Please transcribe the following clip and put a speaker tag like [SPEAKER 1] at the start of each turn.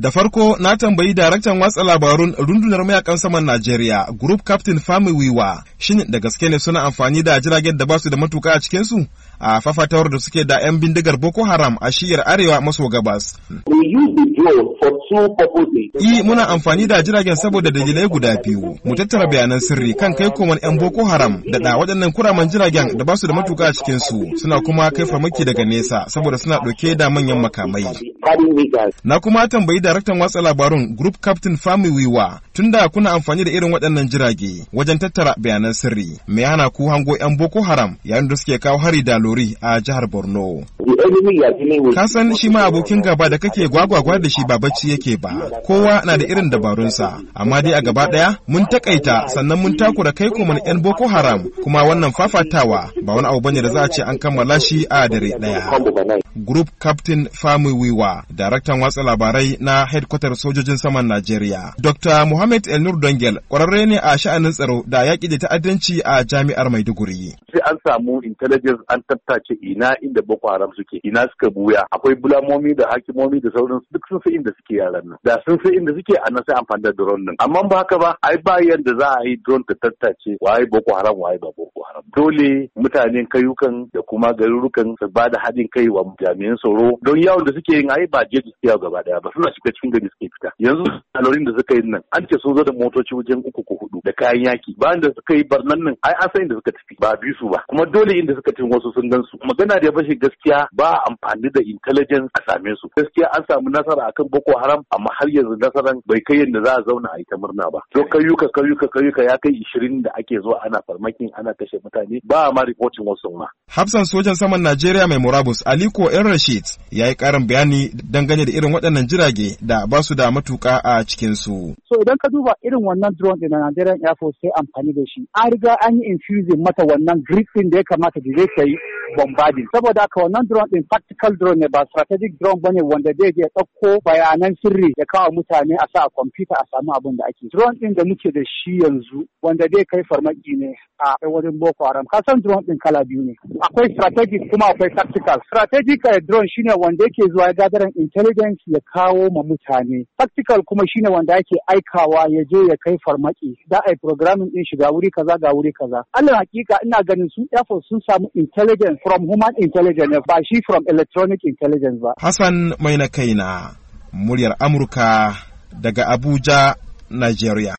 [SPEAKER 1] Da farko na tambayi daraktan watsa labarun rundunar mayakan saman Najeriya, Group Captain Fami Wiwa, shin da gaske ne suna amfani da jiragen da basu da matuka a cikinsu? A fafatawar da suke da 'yan bindigar Boko Haram a shiyar arewa maso gabas. I e, muna amfani da jiragen saboda dalilai guda biyu. Mu tattara bayanan sirri kan kai koman 'yan Boko Haram da da waɗannan kuraman jiragen da basu da matuka a cikinsu suna kuma kai farmaki daga nesa saboda suna ɗauke da manyan makamai. Na kuma tambayi daraktan watsa labarun Group Captain Fami Wiwa tun da kuna amfani da irin waɗannan jirage wajen tattara bayanan sirri mai hana ku hango 'yan boko haram yayin da suke kawo hari da lori a jihar borno ka san shi ma abokin gaba da kake gwagwagwa da shi ba bacci yake ba kowa na da irin dabarunsa amma dai a gaba ɗaya mun takaita sannan mun takura kai kuma 'yan boko haram kuma wannan fafatawa ba wani abu bane da za a ce an kammala shi a dare ɗaya group captain fami wiwa daraktan watsa labarai na headquarter sojojin saman najeriya dr muhammad Mohammed El Nur Dongel kwararre ne a sha'anin tsaro da yaƙi da ta'addanci a jami'ar Maiduguri.
[SPEAKER 2] sai an samu intelligence an tattace ina inda Boko Haram suke ina suka buya akwai bulamomi da hakimomi da sauran duk sun sai inda suke yaran nan da sun sai inda suke a nan sai amfani da drone din amma ba haka ba ai ba yanda za a yi drone ta tattace waye Boko Haram waye ba Boko Haram dole mutanen kayukan da kuma garurukan su ba da haɗin kai wa jami'an tsaro don yawon da suke yin ai ba jeji su yawo gaba daya ba suna shiga cikin gari suke fita yanzu alorin da suka yi nan an ce sun zo da motoci wajen uku ko hudu da kayan yaki bayan da suka yi barnan nan ai an san inda suka tafi ba bisu ba kuma dole inda suka cin wasu sun gan su. magana da fashe gaskiya ba amfani da intelligence a same su gaskiya an samu nasara akan Boko Haram amma har yanzu nasaran bai kai yadda za a zauna a ita murna ba to kayyuka kayyuka yuka ya kai ishirin da ake zuwa ana farmakin ana kashe mutane ba ma reporting wasu ma
[SPEAKER 1] Hafsan sojan saman Najeriya mai murabus Aliko El Rashid ya yi karin bayani dangane da irin waɗannan jirage da ba su da matuka a cikin su
[SPEAKER 3] so idan ka duba irin wannan drone na Nigerian Air Force sai amfani da shi an riga an yi infusing mata wannan briefing da ya kamata da zai kai bombarding saboda haka wannan drone din tactical drone ne ba strategic drone bane wanda zai je ɗauko bayanan sirri ya kawo mutane a sa a computer a samu abin da ake drone din da muke da shi yanzu wanda zai kai farmaki ne a wajen boko haram ka san drone din kala biyu ne akwai strategic kuma akwai tactical strategic eh, drone shine wanda yake zuwa ya gadaran intelligence ya kawo ma mutane tactical kuma shine wanda yake aikawa ya je ya kai farmaki da ai programming din shiga wuri kaza ga wuri kaza Allah hakika ina ganin su air sun samu intelligence from human intelligence
[SPEAKER 1] ba shi from electronic intelligence ba. Hassan mai na kaina muryar Amurka daga Abuja, Nigeria.